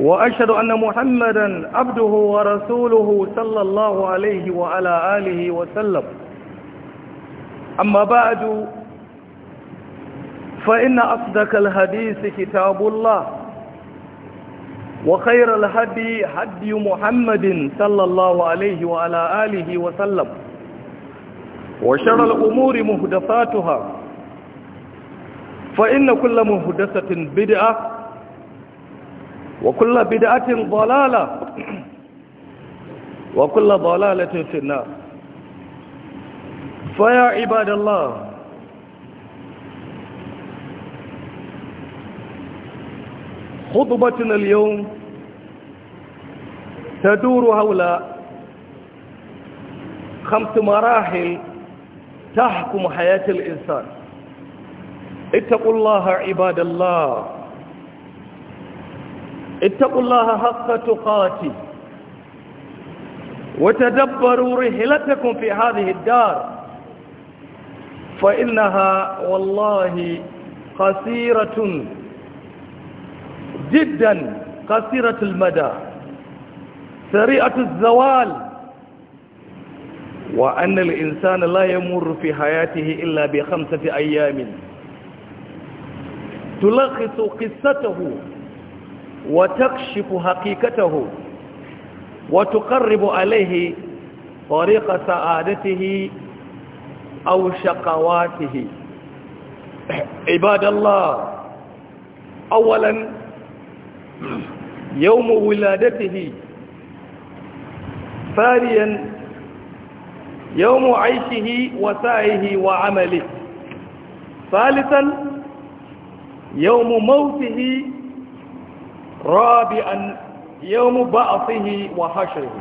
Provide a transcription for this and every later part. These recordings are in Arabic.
وأشهد أن محمدا عبده ورسوله صلى الله عليه وعلى آله وسلم أما بعد فإن أصدق الحديث كتاب الله وخير الهدي هدي محمد صلى الله عليه وعلى آله وسلم وشر الأمور مهدفاتها فإن كل مهدسة بدعة وكل بدعة ضلالة وكل ضلالة في النار فيا عباد الله خطبتنا اليوم تدور حول خمس مراحل تحكم حياة الإنسان اتقوا الله عباد الله اتقوا الله حق تقاتي وتدبروا رحلتكم في هذه الدار فإنها والله قصيرة جدا قصيرة المدى سريعة الزوال وأن الإنسان لا يمر في حياته إلا بخمسة أيام تلخص قصته وتكشف حقيقته وتقرب عليه طريق سعادته أو شقواته عباد الله أولا يوم ولادته ثانيا يوم عيشه وسعيه وعمله ثالثا يوم موته رابعا يوم بعثه وحشره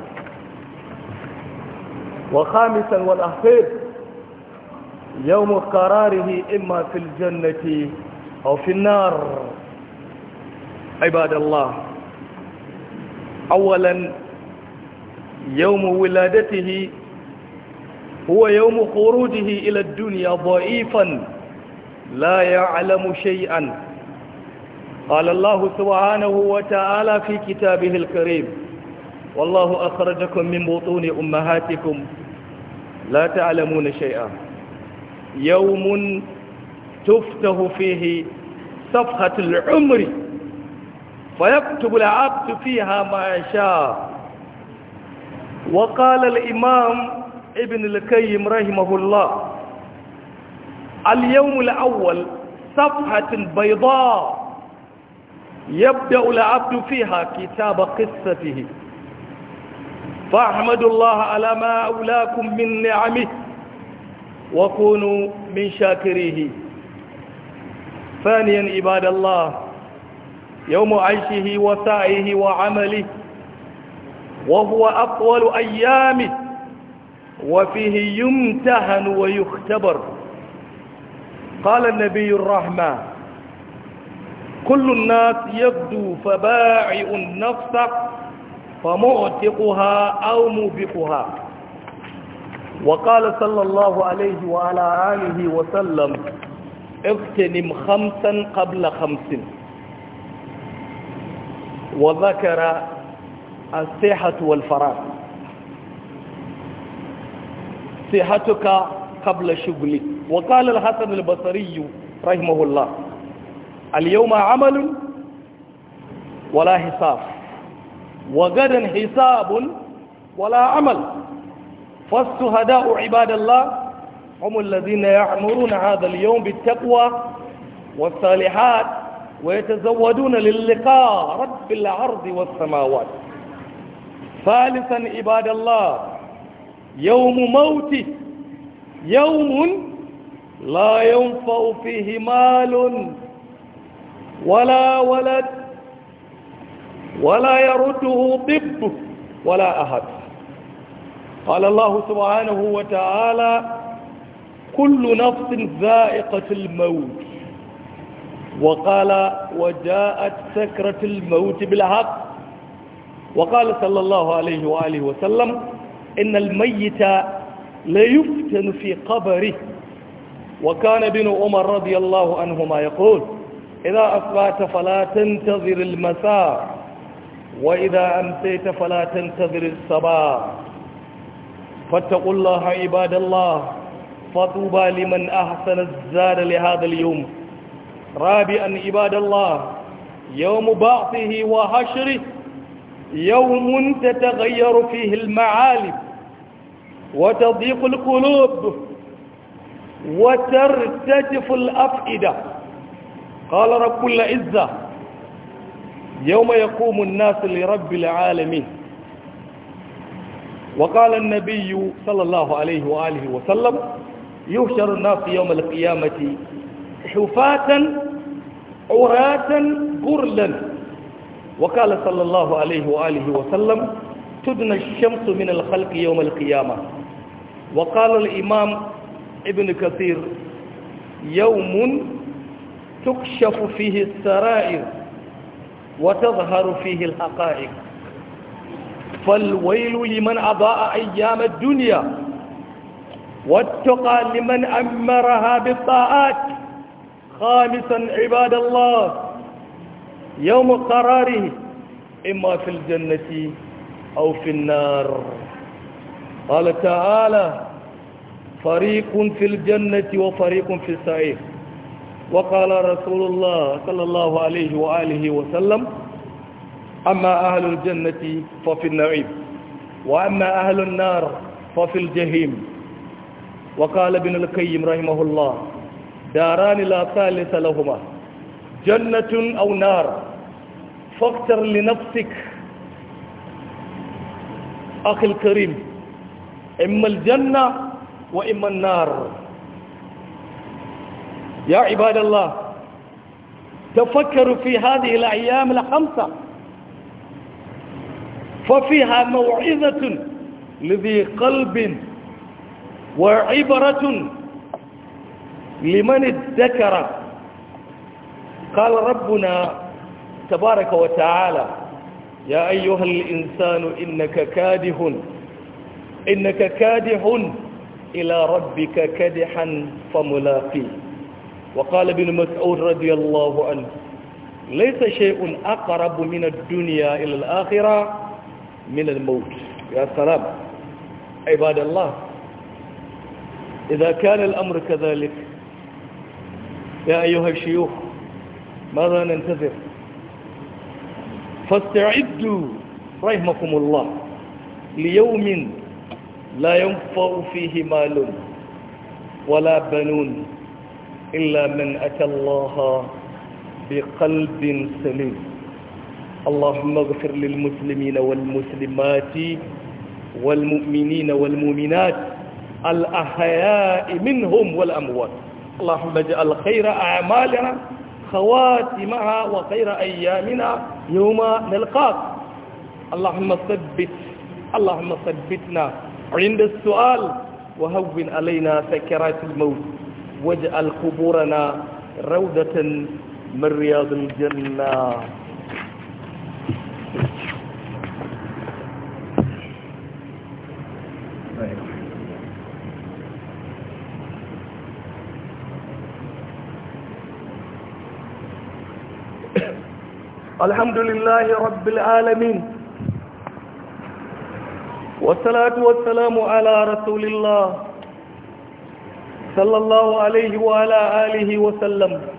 وخامسا والأخير يوم قراره إما في الجنة أو في النار عباد الله أولا يوم ولادته هو يوم خروجه إلى الدنيا ضعيفا لا يعلم شيئا قال الله سبحانه وتعالى في كتابه الكريم والله أخرجكم من بطون أمهاتكم لا تعلمون شيئا يوم تفتح فيه صفحة العمر فيكتب العبد فيها ما شاء وقال الإمام ابن القيم رحمه الله اليوم الأول صفحة بيضاء يبدأ العبد فيها كتاب قصته فاحمدوا الله على ما أولاكم من نعمه وكونوا من شاكريه ثانيا عباد الله يوم عيشه وسعيه وعمله وهو أطول أيامه وفيه يمتهن ويختبر قال النبي الرحمن كل الناس يبدو فباعئ النفس فمعتقها أو موبقها وقال صلى الله عليه وعلى آله وسلم اغتنم خمسا قبل خمس وذكر الصحة والفراغ صحتك قبل شغلك وقال الحسن البصري رحمه الله اليوم عمل ولا حساب وغدا حساب ولا عمل فالشهداء عباد الله هم الذين يعمرون هذا اليوم بالتقوى والصالحات ويتزودون للقاء رب العرض والسماوات ثالثا عباد الله يوم موت يوم لا ينفع فيه مال ولا ولد ولا يرده طب ولا أحد قال الله سبحانه وتعالى كل نفس ذائقة الموت وقال وجاءت سكرة الموت بالحق وقال صلى الله عليه وآله وسلم إن الميت لا يفتن في قبره وكان ابن عمر رضي الله عنهما يقول إذا أصبحت فلا تنتظر المساء وإذا أمسيت فلا تنتظر الصباح فاتقوا الله عباد الله فطوبى لمن أحسن الزاد لهذا اليوم رابعا عباد الله يوم بعثه وحشره يوم تتغير فيه المعالم وتضيق القلوب وترتجف الأفئدة قال رب العزة يوم يقوم الناس لرب العالمين وقال النبي صلى الله عليه وآله وسلم يحشر الناس يوم القيامة حفاة عراة قرلا وقال صلى الله عليه وآله وسلم تدنى الشمس من الخلق يوم القيامة وقال الإمام ابن كثير يوم تكشف فيه السرائر وتظهر فيه الحقائق فالويل لمن أضاء أيام الدنيا والتقى لمن أمرها بالطاعات خامسا عباد الله يوم قراره إما في الجنة أو في النار قال تعالى فريق في الجنة وفريق في السعير وقال رسول الله صلى الله عليه وآله وسلم أما أهل الجنة ففي النعيم وأما أهل النار ففي الجحيم وقال ابن القيم رحمه الله داران لا ثالث لهما جنة أو نار فاختر لنفسك أخي الكريم إما الجنة وإما النار يا عباد الله تفكروا في هذه الأيام الخمسة ففيها موعظة لذي قلب وعبرة لمن ادكر قال ربنا تبارك وتعالى يا أيها الإنسان إنك كادح إنك كادح إلى ربك كدحا فملاقيه وقال ابن مسعود رضي الله عنه ليس شيء أقرب من الدنيا إلى الآخرة من الموت يا سلام عباد الله إذا كان الأمر كذلك يا أيها الشيوخ ماذا ننتظر فاستعدوا رحمكم الله ليوم لا ينفع فيه مال ولا بنون إلا من أتى الله بقلب سليم اللهم اغفر للمسلمين والمسلمات والمؤمنين والمؤمنات الأحياء منهم والأموات اللهم اجعل خير أعمالنا خواتمها وخير أيامنا يوم نلقاك اللهم ثبت اللهم ثبتنا عند السؤال وهون علينا سكرات الموت واجعل قبورنا روضة من رياض الجنة الحمد لله رب العالمين والصلاة والسلام على رسول الله صلى الله عليه وعلى wa وسلم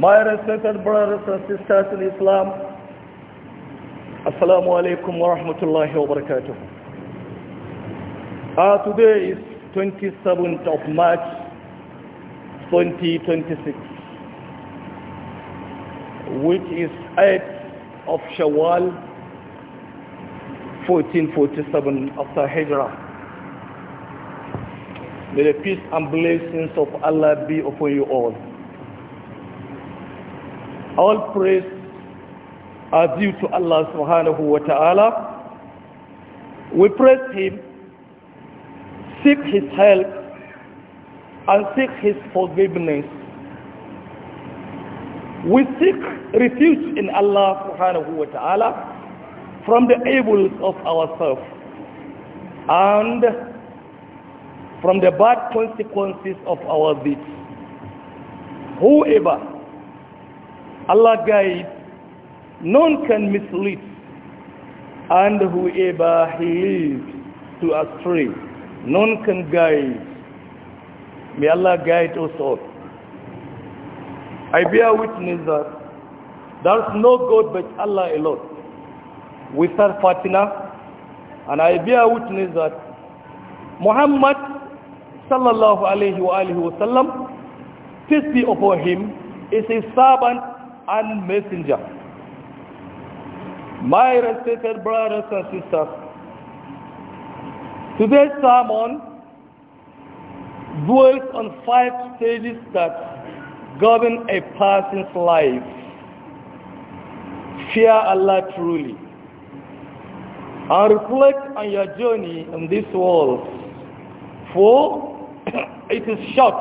My respected brothers and sisters in Islam Assalamu alaikum wa rahmatullahi wa barakatuh uh, Today is 27th of March 2026 which is 8th of Shawwal 1447 after Hijrah May the peace and blessings of Allah be upon you all. All praise are due to Allah subhanahu wa ta'ala. We praise Him, seek His help, and seek His forgiveness. We seek refuge in Allah subhanahu wa ta'ala from the evils of ourselves and from the bad consequences of our deeds. Whoever Allah guides, none can mislead, and whoever he leads to astray, none can guide. May Allah guide us all. I bear witness that there is no God but Allah alone. Without Fatina, and I bear witness that Muhammad sallallahu alayhi wa alihi wasallam, peace be upon him, is a servant and messenger. My respected brothers and sisters, today's sermon dwells on five stages that govern a person's life. Fear Allah truly and reflect on your journey in this world for it is short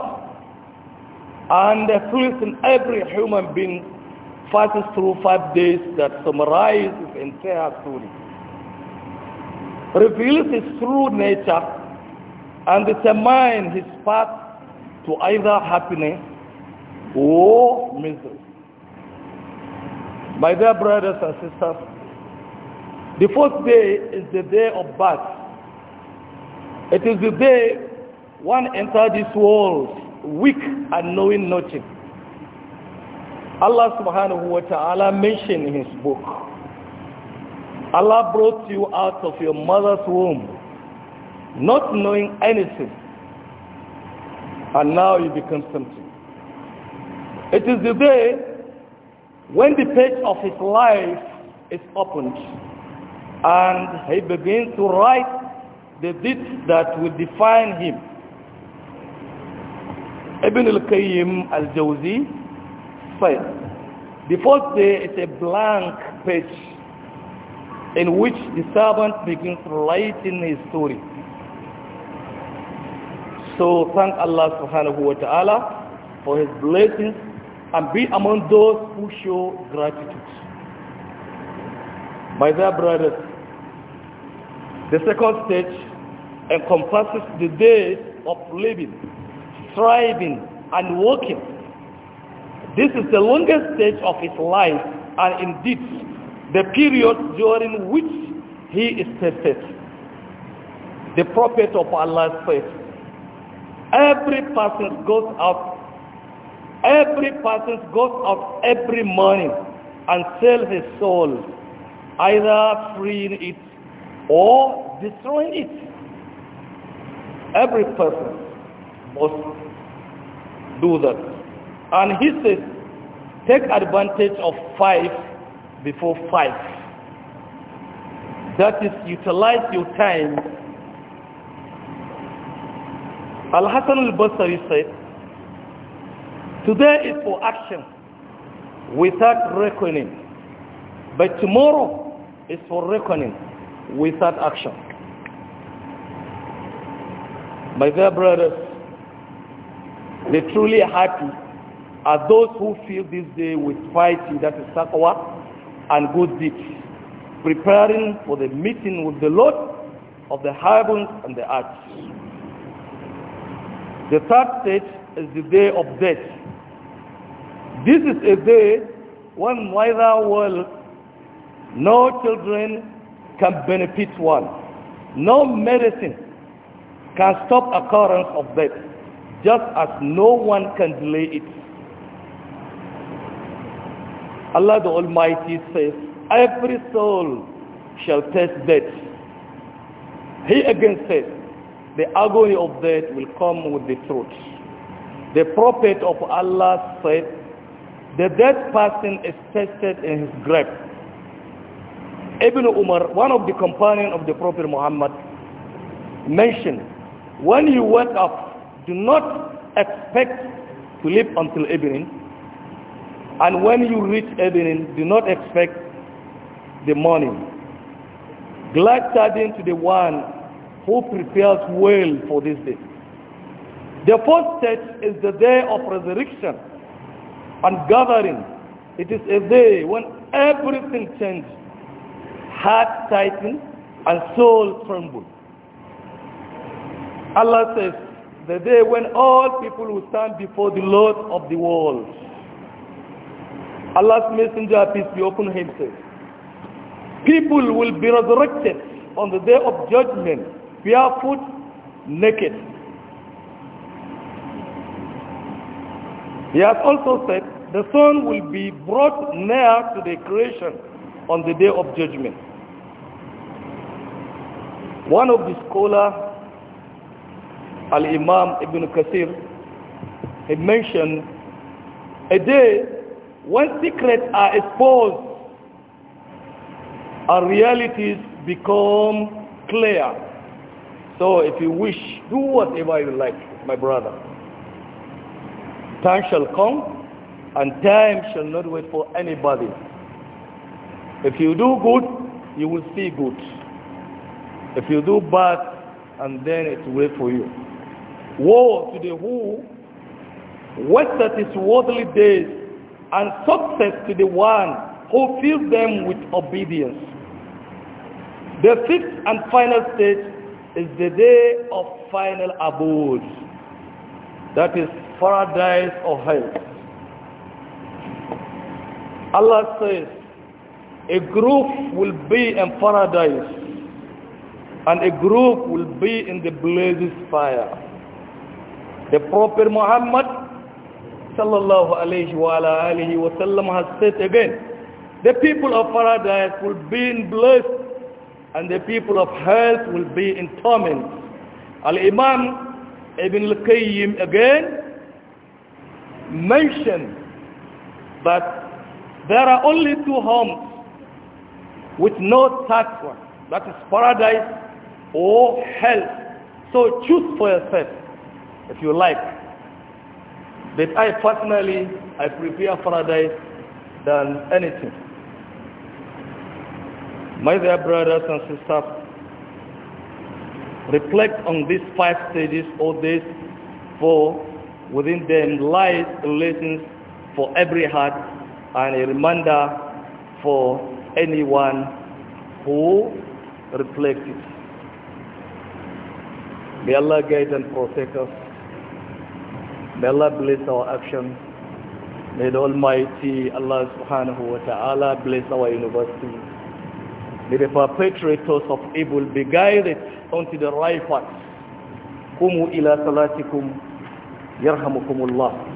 and the fruit in every human being passes through five days that summarize his entire story reveals his true nature and determines his path to either happiness or misery my dear brothers and sisters the fourth day is the day of birth it is the day one enter this world weak and knowing nothing. Allah subhanahu wa ta'ala mentioned in his book, Allah brought you out of your mother's womb, not knowing anything. And now you become something. It is the day when the page of his life is opened and he begins to write the deeds that will define him. Ibn al-Qayyim al-Jawzi said, the fourth day is a blank page in which the servant begins writing his story. So thank Allah subhanahu wa ta'ala for his blessings and be among those who show gratitude. My dear brothers, the second stage encompasses the days of living striving and working. This is the longest stage of his life and indeed the period during which he is tested. The prophet of Allah says, every person goes out, every person goes out every morning and sells his soul, either freeing it or destroying it. Every person must do that. And he says, take advantage of five before five. That is, utilize your time. Al-Hassan al-Basri said, today is for action without reckoning. But tomorrow is for reckoning without action. My dear brothers, the truly happy are those who fill this day with fighting that is taqwa, and good deeds, preparing for the meeting with the Lord of the heavens and the earth. The third stage is the day of death. This is a day when neither world no children can benefit one. No medicine can stop occurrence of death just as no one can delay it. Allah the Almighty says, every soul shall taste death. He again says, the agony of death will come with the truth. The prophet of Allah said, the dead person is tested in his grave. Ibn Umar, one of the companions of the Prophet Muhammad, mentioned, when you wake up, do not expect to live until evening and when you reach evening do not expect the morning glad tidings to the one who prepares well for this day the fourth stage is the day of resurrection and gathering it is a day when everything changes heart tightens and soul trembles Allah says the day when all people will stand before the Lord of the world. Allah's messenger, peace be upon him, says, people will be resurrected on the day of judgment, barefoot, naked. He has also said, the sun will be brought near to the creation on the day of judgment. One of the scholars Al-Imam Ibn Kathir, he mentioned a day when secrets are exposed and realities become clear. So if you wish, do whatever you like, my brother. Time shall come and time shall not wait for anybody. If you do good, you will see good. If you do bad, and then it will wait for you. Woe to the who wasted his worldly days, and success to the one who fills them with obedience. The fifth and final stage is the day of final abode. That is paradise or hell. Allah says, a group will be in paradise and a group will be in the blazing fire. The Prophet Muhammad sallallahu alayhi wa alihi wa sallam has said again, the people of paradise will be in bliss and the people of hell will be in torment. Al-Imam Ibn al-Qayyim again mentioned that there are only two homes with no third one. That is paradise or hell. So choose for yourself if you like. But I personally, I prepare paradise than anything. My dear brothers and sisters, reflect on these five stages all this four. Within them lies lessons for every heart and a reminder for anyone who reflects it. May Allah guide and protect us. May Allah bless our actions. May the Almighty Allah subhanahu wa ta'ala bless our university. May the perpetrators of evil be guided onto the right path. قوموا إلى صلاتكم يرحمكم الله